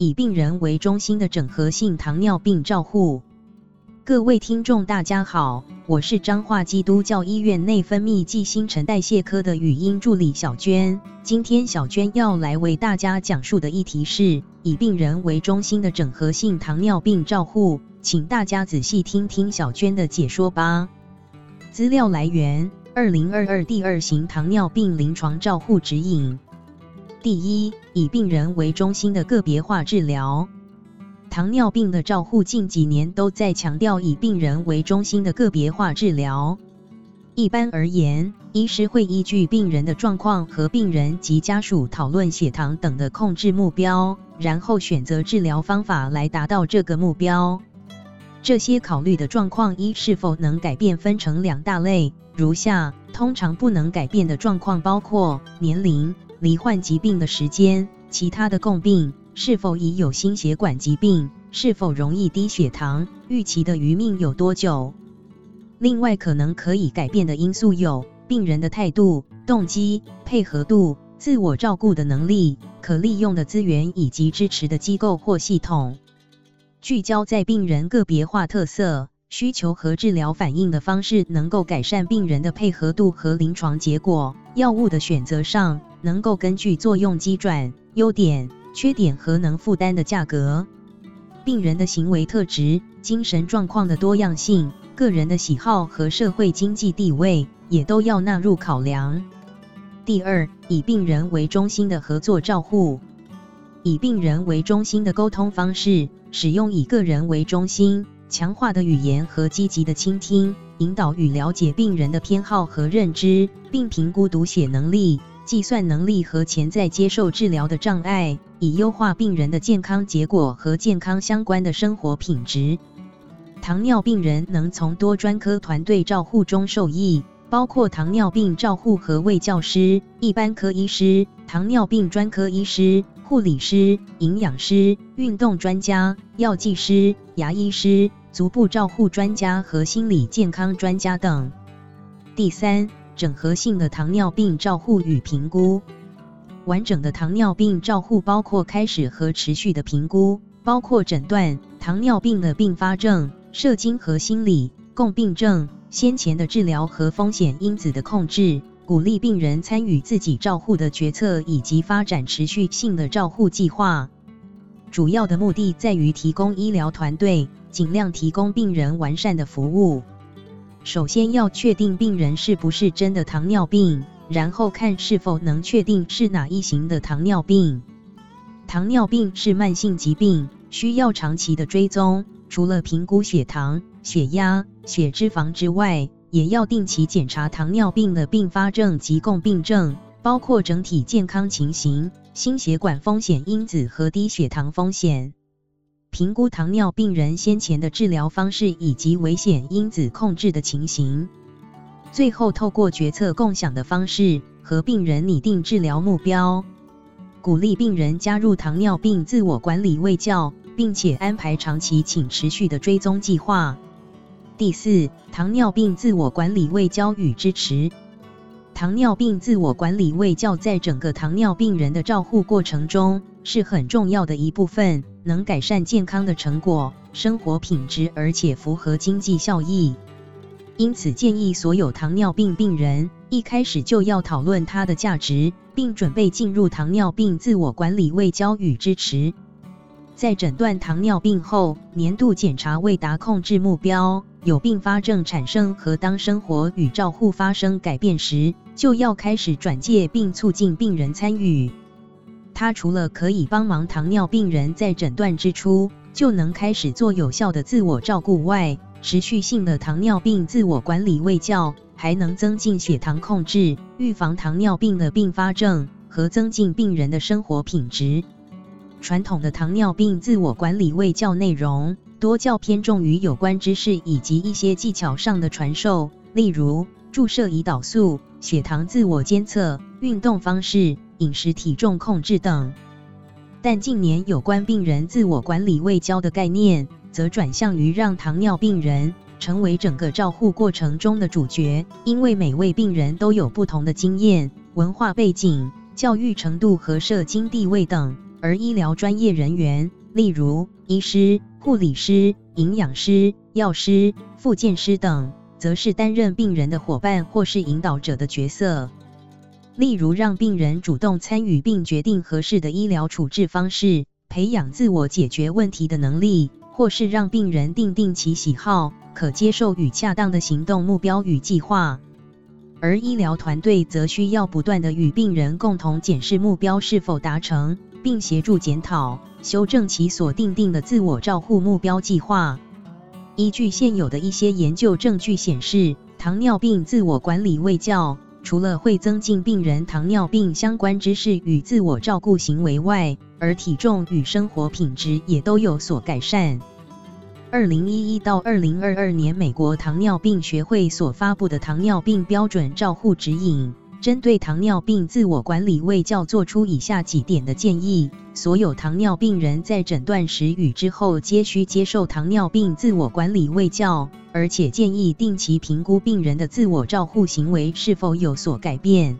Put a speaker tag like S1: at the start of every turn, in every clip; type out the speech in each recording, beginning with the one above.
S1: 以病人為中心的整合性糖尿病照護。各位聽眾，大家好，我是彰化基督教醫院內分泌暨新陳代謝科的語音助理小娟。今天小娟要來為大家講述的議題是以病人為中心的整合性糖尿病照護，請大家仔細聽聽小娟的解說吧。資料來源：二零二二第二型糖尿病臨床照護指引。第一，以病人為中心的個別化治療。糖尿病的照護近幾年都在強調以病人為中心的個別化治療。一般而言，醫師會依據病人的狀況和病人及家屬討論血糖等的控制目標，然後選擇治療方法來達到這個目標。這些考慮的狀況一是否能改變，分成兩大類，如下。通常不能改變的狀況包括年齡。罹患疾病的時間，其他的共病，是否已有心血管疾病，是否容易低血糖，預期的餘命有多久？另外，可能可以改變的因素有病人的態度、動機、配合度、自我照顧的能力、可利用的資源以及支持的機構或系統。聚焦在病人個別化特色。需求和治療反應的方式能夠改善病人的配合度和臨床結果。藥物的選擇上能夠根據作用機轉、優點、缺點和能負擔的價格，病人的行為特質、精神狀況的多樣性、個人的喜好和社會經濟地位也都要納入考量。第二，以病人為中心的合作照護，以病人為中心的溝通方式，使用以個人為中心。強化的語言和積極的傾聽，引導與了解病人的偏好和認知，並評估讀寫能力、計算能力和潛在接受治療的障礙，以優化病人的健康結果和健康相關的生活品質。糖尿病人能從多專科團隊照護中受益，包括糖尿病照護和衛教師、一般科醫師、糖尿病專科醫師、護理師、營養師、運動專家、藥劑師、牙醫師足部照護專家和心理健康專家等。第三，整合性的糖尿病照護與評估。完整的糖尿病照護包括開始和持續的評估，包括診斷糖尿病的併發症、社經和心理共病症、先前的治療和風險因子的控制，鼓勵病人參與自己照護的決策以及發展持續性的照護計劃。主要的目的在於提供醫療團隊。盡量提供病人完善的服務。首先要確定病人是不是真的糖尿病，然後看是否能確定是哪一型的糖尿病。糖尿病是慢性疾病，需要長期的追蹤。除了評估血糖、血壓、血脂肪之外，也要定期檢查糖尿病的併發症及共病症，包括整體健康情形、心血管風險因子和低血糖風險。評估糖尿病人先前的治療方式以及危險因子控制的情形，最後透過決策共享的方式和病人擬定治療目標，鼓勵病人加入糖尿病自我管理衛教，並且安排長期且持續的追蹤計劃。第四，糖尿病自我管理衛教與支持。糖尿病自我管理衛教在整個糖尿病人的照護過程中是很重要的一部分。能改善健康的成果、生活品質，而且符合經濟效益。因此，建議所有糖尿病病人一開始就要討論它的價值，並準備進入糖尿病自我管理、衛教與支持。在診斷糖尿病後，年度檢查未達控制目標、有併發症產生和當生活與照護發生改變時，就要開始轉介並促進病人參與。它除了可以幫忙糖尿病人在診斷之初就能開始做有效的自我照顧外，持續性的糖尿病自我管理衛教還能增進血糖控制、預防糖尿病的併發症和增進病人的生活品質。傳統的糖尿病自我管理衛教內容多較偏重於有關知識以及一些技巧上的傳授，例如注射胰島素、血糖自我監測、運動方式。飲食、體重控制等，但近年有關病人自我管理衛教的概念，則轉向於讓糖尿病人成為整個照護過程中的主角，因為每位病人都有不同的經驗、文化背景、教育程度和社經地位等，而醫療專業人員，例如醫師、護理師、營養師、藥師、復健師等，則是擔任病人的夥伴或是引導者的角色。例如，讓病人主動參與並決定合適的醫療處置方式，培養自我解決問題的能力，或是讓病人定定其喜好、可接受與恰當的行動目標與計劃。而醫療團隊則需要不斷地與病人共同檢視目標是否達成，並協助檢討、修正其所定定的自我照護目標計劃。依據現有的一些研究證據顯示，糖尿病自我管理衛教。除了會增進病人糖尿病相關知識與自我照顧行為外，而體重與生活品質也都有所改善。二零一一到二零二二年，美國糖尿病學會所發佈的糖尿病標準照護指引。針對糖尿病自我管理衛教做出以下幾點的建議：所有糖尿病人在診斷時與之後皆需接受糖尿病自我管理衛教，而且建議定期評估病人的自我照護行為是否有所改變。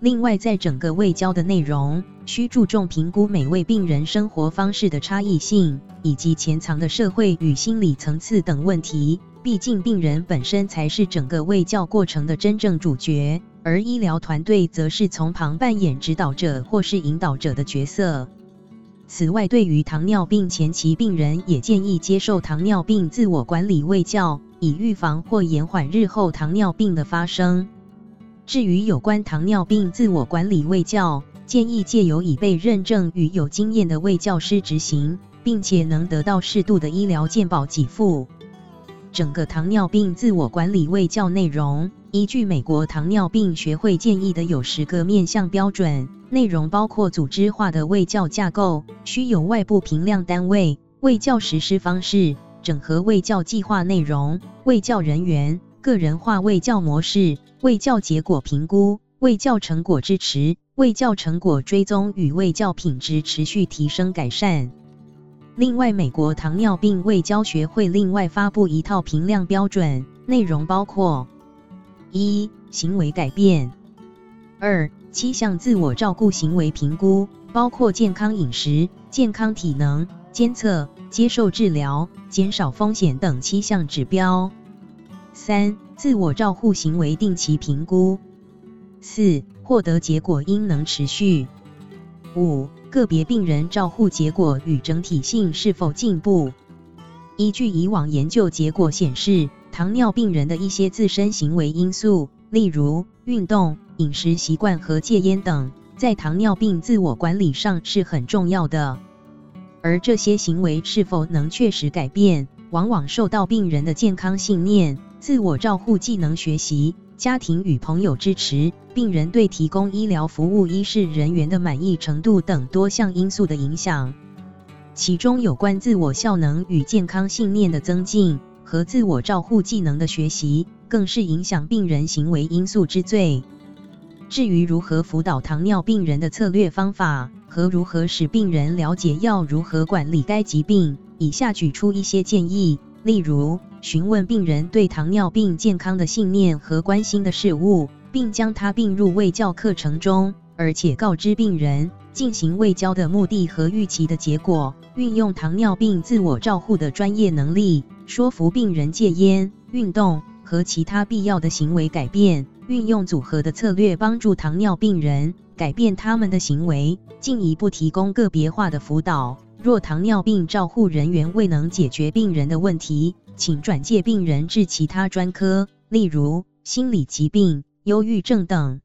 S1: 另外，在整個衛教的內容，需注重評估每位病人生活方式的差異性，以及潛藏的社會與心理層次等問題。畢竟，病人本身才是整個衛教過程的真正主角。而醫療團隊則是從旁扮演指導者或是引導者的角色。此外，對於糖尿病前期病人，也建議接受糖尿病自我管理衛教，以預防或延緩日後糖尿病的發生。至於有關糖尿病自我管理衛教，建議借由已被認證與有經驗的衛教師執行，並且能得到適度的醫療健保給付。整個糖尿病自我管理衛教內容，依據美國糖尿病學會建議的有十個面向標準，內容包括組織化的衛教架構，需有外部評量單位，衛教實施方式，整合衛教計劃內容，衛教人員，個人化衛教模式，衛教結果評估，衛教成果支持，衛教成果追蹤與衛教品質持續提升改善。另外，美國糖尿病衛教學會另外發布一套評量標準，內容包括。一、行為改變；二、七項自我照顧行為評估，包括健康飲食、健康體能監測、接受治療、減少風險等七項指標；三、自我照護行為定期評估；四、獲得結果應能持續；五、個別病人照護結果與整體性是否進步。依據以往研究結果顯示。糖尿病人的一些自身行為因素，例如運動、飲食習慣和戒煙等，在糖尿病自我管理上是很重要的。而這些行為是否能確實改變，往往受到病人的健康信念、自我照護技能學習、家庭與朋友支持、病人對提供醫療服務醫事人員的滿意程度等多項因素的影響。其中有關自我效能與健康信念的增進。和自我照護技能的學習，更是影響病人行為因素之最。至於如何輔導糖尿病人的策略方法和如何使病人了解要如何管理該疾病，以下舉出一些建議，例如詢問病人對糖尿病健康的信念和關心的事物，並將它併入衛教課程中，而且告知病人進行衛教的目的和預期的結果，運用糖尿病自我照護的專業能力。說服病人戒菸、運動和其他必要的行為改變，運用組合的策略幫助糖尿病人改變他們的行為，進一步提供個別化的輔導。若糖尿病照護人員未能解決病人的問題，請轉介病人至其他專科，例如心理疾病、憂鬱症等。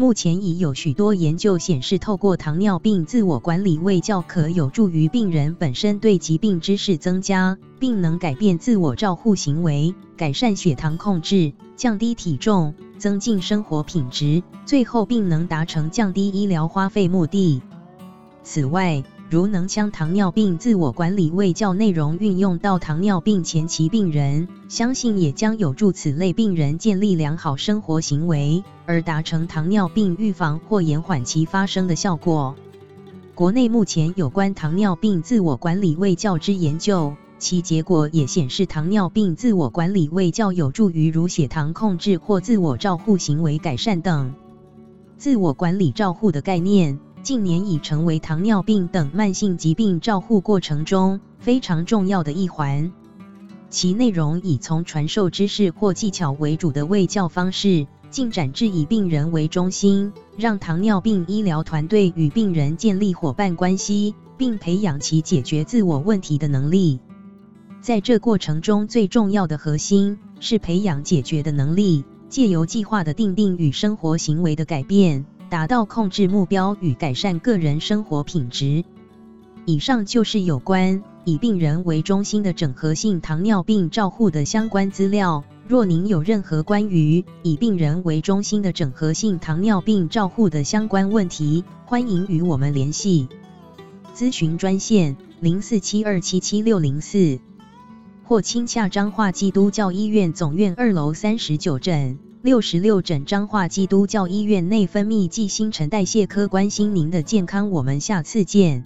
S1: 目前已有許多研究顯示，透過糖尿病自我管理衛教，可有助於病人本身對疾病知識增加，並能改變自我照護行為，改善血糖控制，降低體重，增進生活品質，最後並能達成降低醫療花費目的。此外，如能將糖尿病自我管理衛教內容運用到糖尿病前期病人，相信也將有助此類病人建立良好生活行為，而達成糖尿病預防或延緩其發生的效果。國內目前有關糖尿病自我管理衛教之研究，其結果也顯示糖尿病自我管理衛教有助於如血糖控制或自我照護行為改善等。自我管理照護的概念。近年已成為糖尿病等慢性疾病照護過程中非常重要的一環。其內容已從傳授知識或技巧為主的衛教方式，進展至以病人為中心，讓糖尿病醫療團隊與病人建立夥伴關係，並培養其解決自我問題的能力。在這過程中，最重要的核心是培養解決的能力，借由計劃的訂定與生活行為的改變。達到控制目標與改善個人生活品質。以上就是有關以病人為中心的整合性糖尿病照護的相關資料。若您有任何關於以病人為中心的整合性糖尿病照護的相關問題，歡迎與我們聯繫。諮詢專線：零四七二七七六零四或親洽彰化基督教醫院總院二樓三十九診。六十六診彰化基督教醫院內分泌暨新陳代謝科關心您的健康，我們下次見。